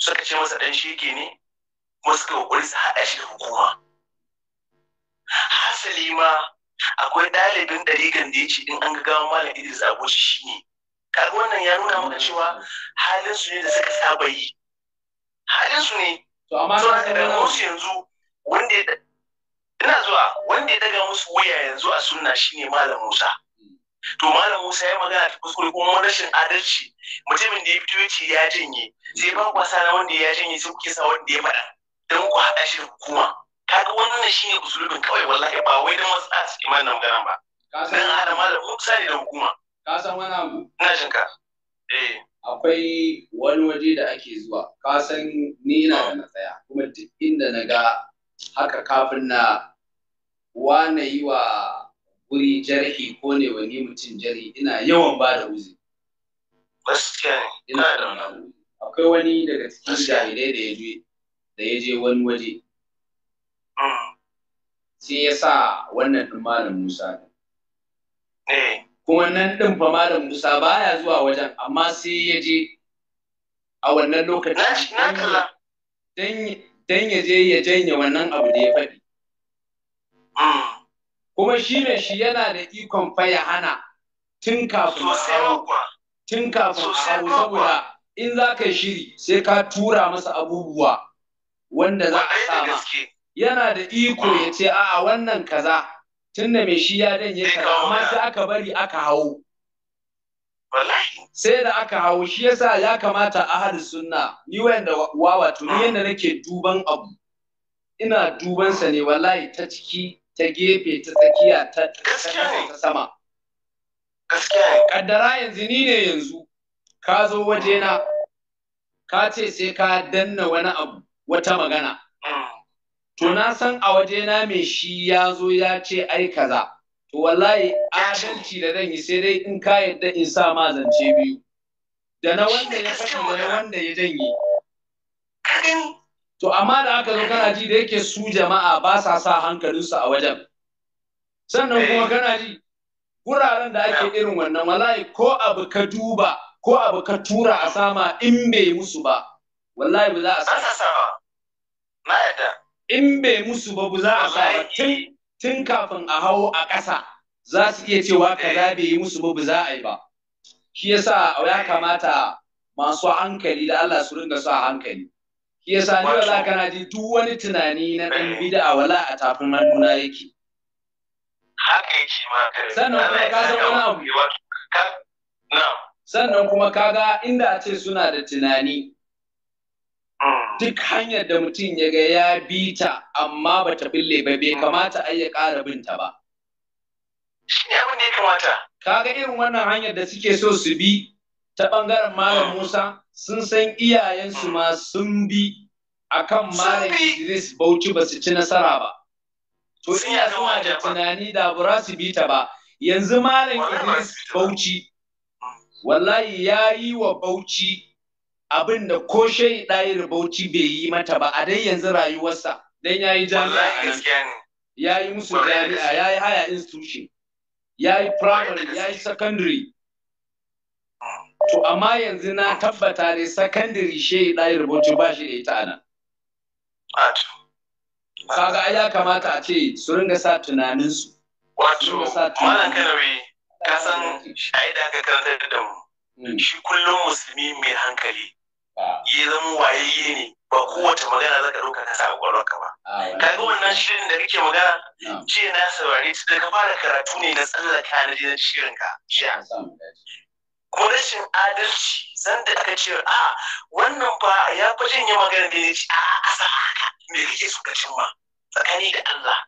Suka ce masa ɗan shege ne, kuma suka kokari su haɗa shi da hukuma. Hasali ma akwai ɗalibin ɗarikan da ya ce in an ga gawa malam Idris Abuci shi ne kaga wannan ya nuna maka cewa halin su ne da suka saba yi halin su ne to amma ka daga musu yanzu wanda ya ina zuwa wanda ya daga musu waya yanzu a sunna shine malam Musa to malam Musa ya magana ta kuskure kuma rashin adalci mutumin da ya fito ya ce ya janye sai ba ku sa wanda ya janye sai ku kisa wanda ya faɗa Dan ku haɗa shi hukuma kaga wannan shine usulubin kawai wallahi ba wai da su imanin ba dan alama malam Musa ne da hukuma ka san wani abu ina jin ka eh akwai wani waje da ake zuwa ka san ni ina da na tsaya kuma duk inda na ga haka kafin na wane yi wa guri jarhi ko ne wani mutum jarhi ina yawan ba da uzi gaskiya ina da akwai wani daga cikin jahilai da ya je da ya je wani waje mm. sai ya sa wannan ɗin malam Musa ne eh. kuma nan ɗin fa malam Musa baya zuwa wajen amma sai ya je a wannan lokacin dan ya je ya janye wannan abu da ya faɗi hmm. kuma shi ne shi yana da ikon fa ya hana tun kafin a tun kafin saboda in za ka shiri sai ka tura masa abubuwa wanda za a sama yana da iko ya ce a'a wannan kaza tunda mai shi ya danye ka amma sai aka bari aka hau. sai da aka hau shi yasa ya kamata a hada sunna ni wanda wawa to ni yanda nake duban abu ina duban sa ne wallahi ta ciki ta gefe ta tsakiya ta ta sama gaskiya kaddara yanzu ni ne yanzu ka zo waje na ka ce sai ka danna wani abu wata magana mm. to na san a waje na mai shi ya zo ya ce ai kaza to wallahi adalci da zan yi sai dai in ka yadda in sa ma zance biyu da na wanda ya faɗi da na wanda ya janye to amma da aka zo kana ji da yake su jama'a ba sa sa hankalinsu a wajen sannan kuma eh. kana ji Wuraren da ake irin wannan wallahi ko abu ka duba ko abu ka tura a sama in bai musu ba wallahi ba za a sa ba in bai musu ba za a sa tun tun kafin a hau a ƙasa za su iya cewa kaza bai yi musu ba za a yi ba shi yasa ya kamata masu hankali da Allah su ringa sa hankali shi yasa ni wala kana ji duk wani tunani na ɗan bid'a wala a tafin hannuna yake haka ma sannan kuma ka san wani abu sannan kuma kaga inda a ce suna da tunani duk hanyar da mutum ya ga ya bi ta amma ba ta bille ba bai kamata ayi ya ƙara bin ta ba. Shi ne abin ya kamata. Kaga irin wannan hanyar da suke so su bi ta ɓangaren Malam Musa sun san iyayensu ma sun bi a kan Malam Idris Bauchi ba su ci nasara ba. To iya suna da tunani da ba su bi ta ba. Yanzu Malam Idris Bauchi wallahi ya yi wa Bauchi abin da ko shai ɗayar bauchi bai yi mata ba a dai yanzu rayuwarsa dan ya yi jami'a ya yi musu jami'a ya yi haya institution ya yi primary ya yi secondary mm. to amma yanzu na tabbata ne secondary shai ɗayar bauchi ba shi da ita ana. kaga ai ya kamata a ce su ringa sa tunaninsu wato malam karawi ka san mm. shaida ka karantar da mu mm. shi kullum musulmi mai hankali ya zama wayayye ne ba kowace magana za ka ɗauka ka sa ƙwaƙwalwarka ba ah, kaga wannan shirin da kake magana ah. jiya na saurari su daga fara karatu ne na tsallaka na jiran shirin jiya kuma rashin adalci sanda aka ce a wannan ba ya fi janye magana da ya ce a a sa haka me kake so ka cimma tsakani da Allah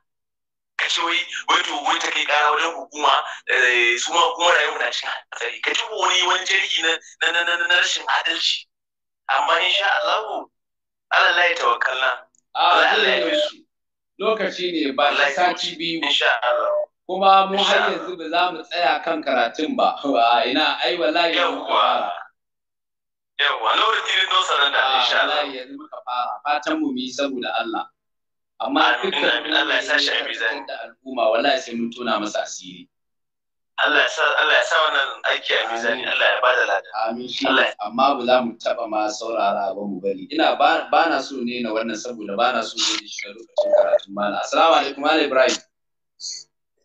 ka ce wai wai to wai ta kai kara wajen hukuma eh, su ma hukumar rayuwa na cin hatsari ka ci wani wani jirgi na rashin adalci amma sha Allah Allah ya tawakkalna Allah ya su lokaci ne ba na sati biyu Allah kuma mu har yanzu ba za mu tsaya kan karatun ba ina ai wallahi yau fara yawa lokaci ne don sanar da ah, insha Allah yanzu muka fara fatan mu mi saboda Allah amma dukkan Allah ya sa shi a mizani da al'umma wallahi sai mun tona masa asiri Allah ya sa Allah ya sa wannan aiki a mizani Allah ya bada lada amin shi amma ba za mu taba ma saurara ba mu bari ina ba na so ne na wannan saboda ba na so ne da shiga lokacin karatun mana assalamu alaikum Malam ibrahim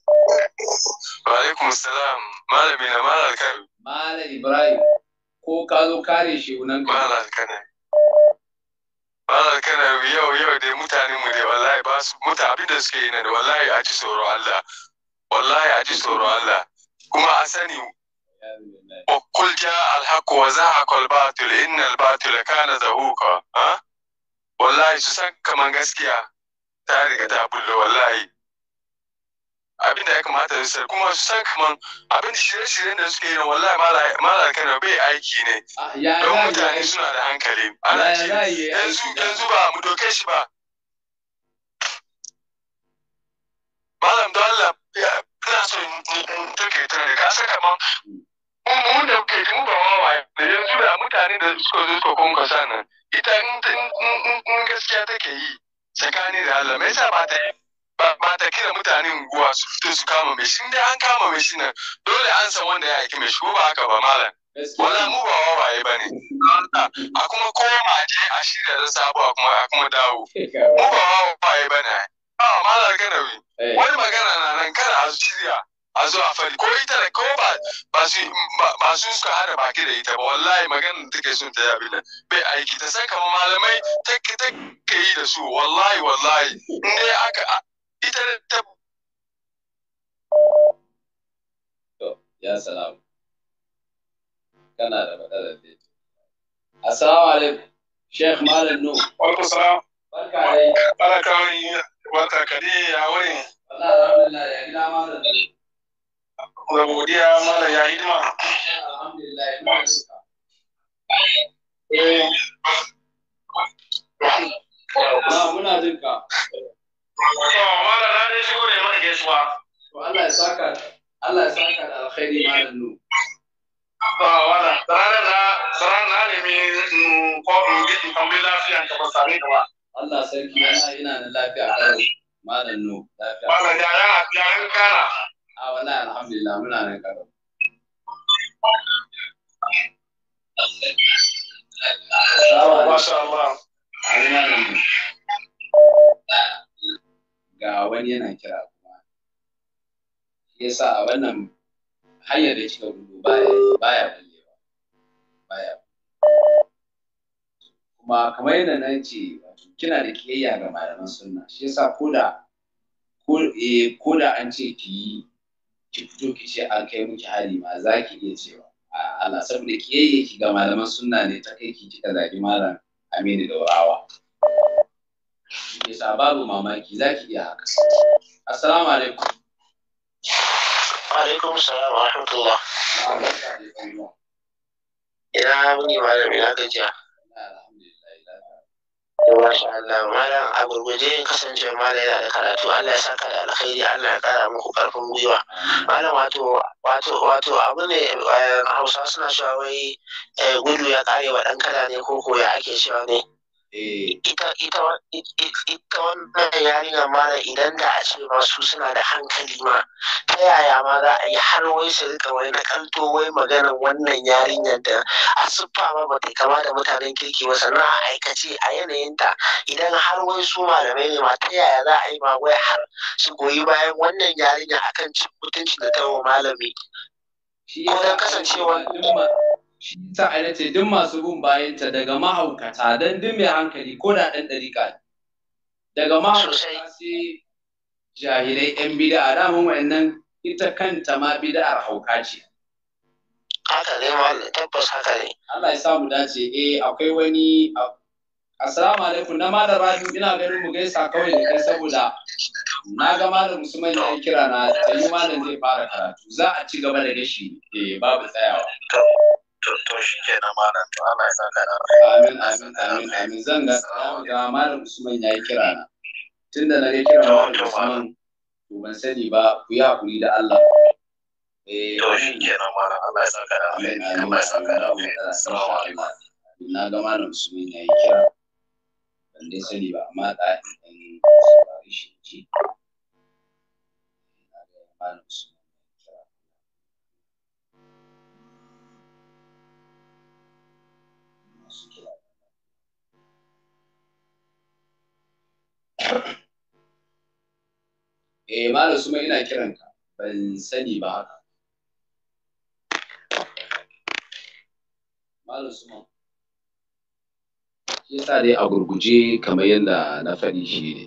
wa alaikum salam malami na Malam kai Malam ibrahim ko ka zo kare shi unan ka Malam kana malal kana yau yau dai mutanen mu dai wallahi ba su mutane abinda suke yi ne wallahi a ji tsoro Allah wallahi a ji tsoro Allah كما أسني وكل جاء الحق وزاحق الباطل إن الباطل كان زهوكا ها والله سسان كما نسكيا تاريخ دابل والله أبين دايك ما تسر كما سسان كما أبين شير شير نسكي والله ما لا ما لا كان بي أي كيني آه، لو متى نسنا ده عن كريم أنا شيء نزو نزو با مدوكش با مالم دالم يا بلاسو suke tunani ka saka kaman mun da muke ji mu ba wawa ne yanzu da mutane da suka zo suka kun kwasa ita in gaskiya take yi tsakani da Allah me yasa ba ta ba ta kira mutane unguwa su fito su kama mai shi dai an kama mai shi nan dole an san wanda ya aiki mai shi ko ba haka ba malam wala mu ba wawaye ba ne a kuma koma je a shirya da sabo a kuma dawo mu ba wawaye ba ne a malar kanawi eh. wani magana na nan kada a shirya a zo a faɗi ko ita da ko ba ba su suka hada baki da ita ba wallahi magana da take son ta yabi nan bai aiki ta saka malamai ta ke yi da su wallahi wallahi in dai aka ita da ta ya salamu kana da matsalar ne assalamu alaikum sheikh malam nu alaikum salam barka dai barka dai barka dai ya wani wallahi alhamdulillah ya gida malam Ga godiya mala ya hidima. Na muna jin ka. Mala na dai shigo da mara gaisuwa. To Allah ya saka Allah ya saka da alkhairi malam nu. Wala, tsaranar na tsaranar na nemi ko in tambayi lafiya ka sami da Allah sarki yana ina da lafiya malam nu. Malam ya ya ya kana. a ah, wallahi alhamdulillah muna nan karo Masha Allah. Ga wani yana kira kuma. Ya sa a wannan hanyar da kika gudu baya baya bullewa. Baya. Kuma kamar yadda na ce kina da kiyayya ga malaman sunna shi yasa koda eh, ko da an ce ki yi ki fito ki ce an kai miki hari ma za ki iya cewa Allah saboda ki yayye ki ga malaman sunna ne ta kai ki kika zagi malam Aminu Daurawa yasa babu mamaki za ki iya haka assalamu alaikum alaikum salam wa rahmatullah ya bani malam ina gajiya Masha Allah, Malam a gurguje kasance Malam yana da karatu, Allah ya saka da alkhairi, Allah ya kara muku karfin gwiwa. Malam wato wato wato abu ne eh, Hausa suna cewa wai eh, gudu ya kare wa ɗan kada ne ko ko ya ake cewa ne. Eh. ita wannan yarinya ma idan da a ce masu suna da hankali ma ta yaya ma za a yi har wai su rika wai na kanto wai maganar wannan yarinyar da a siffa ma ba ta kama da mutanen kirki ba sannan a aikace a yanayin ta idan har wai su da ne ma ta yaya za a yi ma wai har su goyi bayan wannan yarinya akan mutunci da tawo malami ko don kasancewa shi yasa a ce duk masu bin bayanta daga mahaukata don duk mai hankali ko da ɗan ɗariƙa ne daga mahaukata sai jahilai yan bida'a daman wannan ita kanta ma bida'ar hauka ce haka ne ma tabbas haka ne Allah ya sa mu dace eh akwai wani assalamu alaikum na malam rabi ina ganin mu gaisa kawai da kai saboda na ga malam da ya kira na tsayi malam zai fara karatu za a ci gaba da gashi eh babu tsayawa to shi ke na malam to ana sa ka da amin amin amin amin zan ga ga malam usman ya yi kira na tunda na ga kira malam usman to ban sani ba ku yi hakuri da Allah eh to shi ke na malam Allah ya sa ka da amin Allah ya sa ka da amin assalamu alaikum na ga malam usman ya yi kira ban dai sani ba amma da in saurari shi ji malam usman eh malam Suma ina kiranka ban sani ba haka malam Suma shi sa dai a gurguje kamar yadda na faɗi shi ne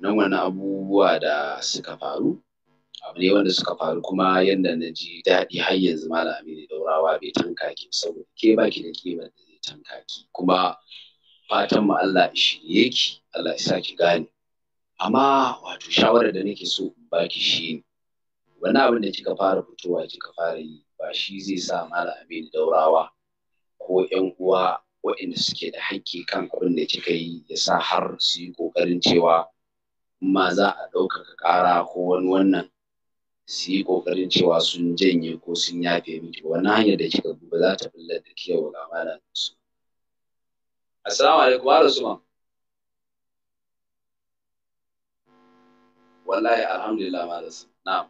nan wani abubuwa da suka faru abu ne wanda suka faru kuma yadda na ji daɗi har yanzu malam aminu daurawa bai tanka ki saboda ke baki da kimar da zai tanka ki kuma fatan mu Allah shirye ki Allah ya sa ki gane amma wato shawarar da nake so in baki shine wani abin da kika fara fitowa kika fara yi ba shi zai sa mala abin daurawa ko yan uwa waɗanda suke da hakki kan abin da kika yi ya sa har su yi ƙoƙarin cewa ma za a ɗaukaka ƙara ko wani wannan su yi ƙoƙarin cewa sun janye ko sun yafe miki Wani hanyar da kika bi ba za ta billar da kiyawa ga malam su assalamu alaikum wa rasulullah wallahi alhamdulillah ma rasu na'am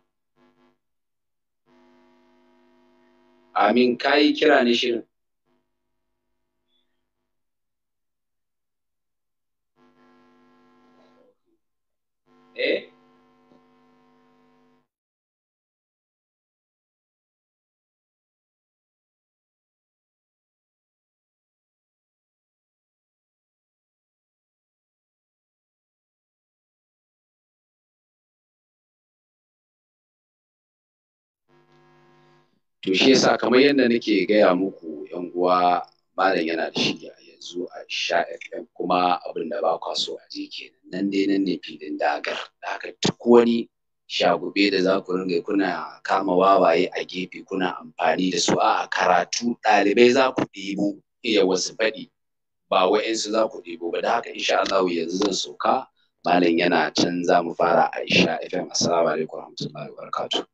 amin kai kira ne shirin eh to shi yasa kamar yadda nake gaya muku yan uwa malam yana da shi a yanzu a sha fm kuma abin da ba kwa so a je kenan nan dai nan ne filin dagar da haka duk wani shagube da za ku ringa kuna kama wawaye a gefe kuna amfani da su a karatu ɗalibai za ku ɗebo iya wasu faɗi ba wa'insu za ku ɗebo ba da haka insha Allah yanzu zan sauka malam yana can za mu fara a isha fm assalamu alaikum warahmatullahi wabarakatuh